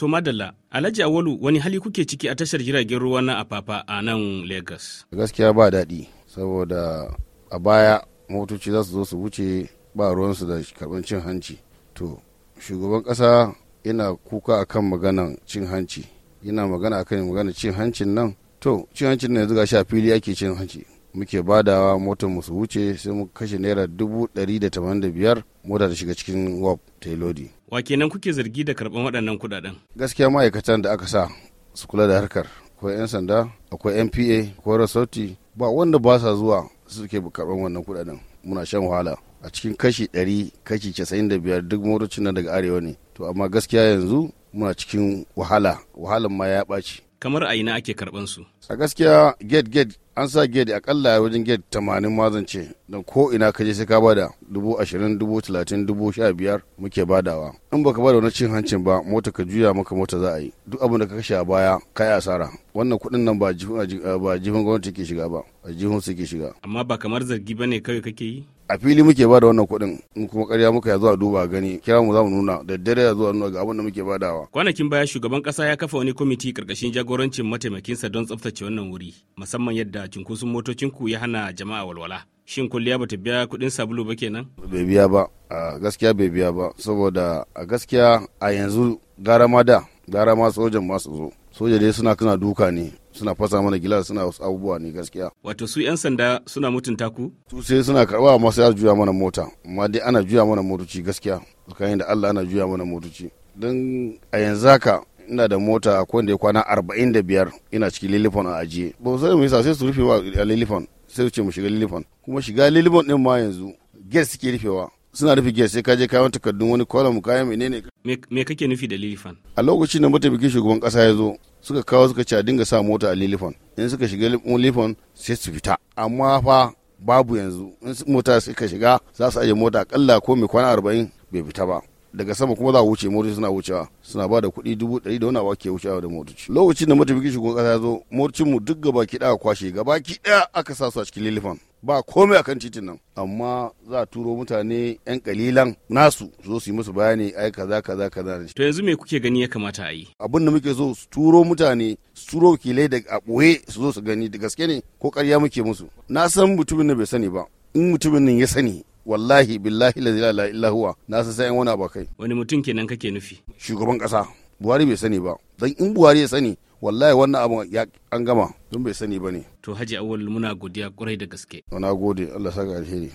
To madalla, Alhaji Awolu wani hali kuke ciki a tashar jiragen ruwa na Afafa a nan Lagos? Gaskiya ba daɗi, saboda a baya motoci za su zo su wuce ba ruwansu da karɓar cin hanci. To, shugaban ƙasa yana kuka akan maganan cin hanci, yana magana akan maganar cin hancin nan. To, cin hancin nan yanzu ga shi a fili ake cin hanci. muke badawa motar mu su wuce sai mu kashe naira dubu ɗari da tamanin da biyar mota ta shiga cikin wap ta lodi. wa kenan kuke zargi da karɓar waɗannan kuɗaɗen. gaskiya ma'aikatan da aka sa su kula da harkar akwai 'yan sanda akwai npa akwai rasauti ba wanda ba sa zuwa ke karɓar wannan kuɗaɗen muna shan wahala a cikin kashi ɗari kashi casa'in da biyar duk motocin nan daga arewa ne to amma gaskiya yanzu muna cikin wahala wahalan ma ya ɓaci kamar a ina ake karban su a gaskiya gate gate an sa gate akalla wajen gate tamanin mazan ce don ko ina ka je sai ka bada dubu ashirin dubu talatin dubu sha biyar muke badawa in baka bada wani cin hancin ba mota ka juya maka mota za a yi duk abin da ka kashe a baya ka yi asara wannan kuɗin nan ba jihun gwamnati ke shiga ba a jihun su ke shiga amma ba kamar zargi ba ne kawai kake yi a fili muke ba da wannan kuɗin in kuma karya muka ya zuwa duba gani kira mu za mu nuna da dare ya zuwa nuna ga abin da muke badawa. Kwanakin baya shugaban ƙasa ya kafa wani kwamiti ƙarƙashin jagorancin mataimakinsa don tsaftace wannan wuri musamman yadda cunkoson ku ya hana jama'a walwala. shin kulliya bata biya kuɗin sabulu ba kenan bai biya ba a gaskiya bai biya ba saboda a gaskiya a yanzu gara ma da gara ma sojan ma su zo soja dai suna kana duka ne suna fasa mana gila suna wasu abubuwa ne gaskiya wato su yan sanda suna mutunta ku su sai suna karba masu sai juya mana mota amma dai ana juya mana motoci gaskiya tsakanin da Allah ana juya mana motoci don a yanzu haka ina da mota akwai da kwana arba'in da biyar ina cikin lilifon a ajiye ba sai mu yasa sai su rufe wa lilifon sai su ce mu shiga lilifon kuma shiga lilifon din ma yanzu gas suke rufewa suna rufe giya sai ka je kayan takardun wani kwalam kayan menene me kake nufi da lilifan a lokacin da mataimakin shugaban kasa ya zo suka kawo suka ci a dinga sa mota a lilifan in suka shiga lilifan sai su fita amma fa babu yanzu in mota suka shiga za su aje mota akalla ko mai kwana arba'in bai fita ba daga sama kuma za a wuce motoci suna wucewa suna ba da kuɗi dubu ɗari da wani wake ke wucewa da motoci lokacin da mataimakin shugaban ƙasa ya zo mu duk gaba ki ɗaya kwashe gaba ki ɗaya aka sa su a cikin lilifan ba komai akan titin nan amma za a turo mutane yan kalilan nasu zo su yi musu bayani ai kaza kaza kaza to yanzu me kuke gani ya kamata a yi abin da muke so su turo mutane su turo wakilai da a ɓoye su zo su gani da gaske ne ko karya muke musu na san mutumin da bai sani ba in mutumin nan ya sani wallahi billahi la ilaha illa huwa na san sai wani abakai wani mutum kenan kake nufi shugaban kasa buhari bai sani ba dan in buhari ya sani wallahi wannan abun ya an gama don bai sani ba ne to haji awwal muna godiya kwarai da gaske na gode allah saka alheri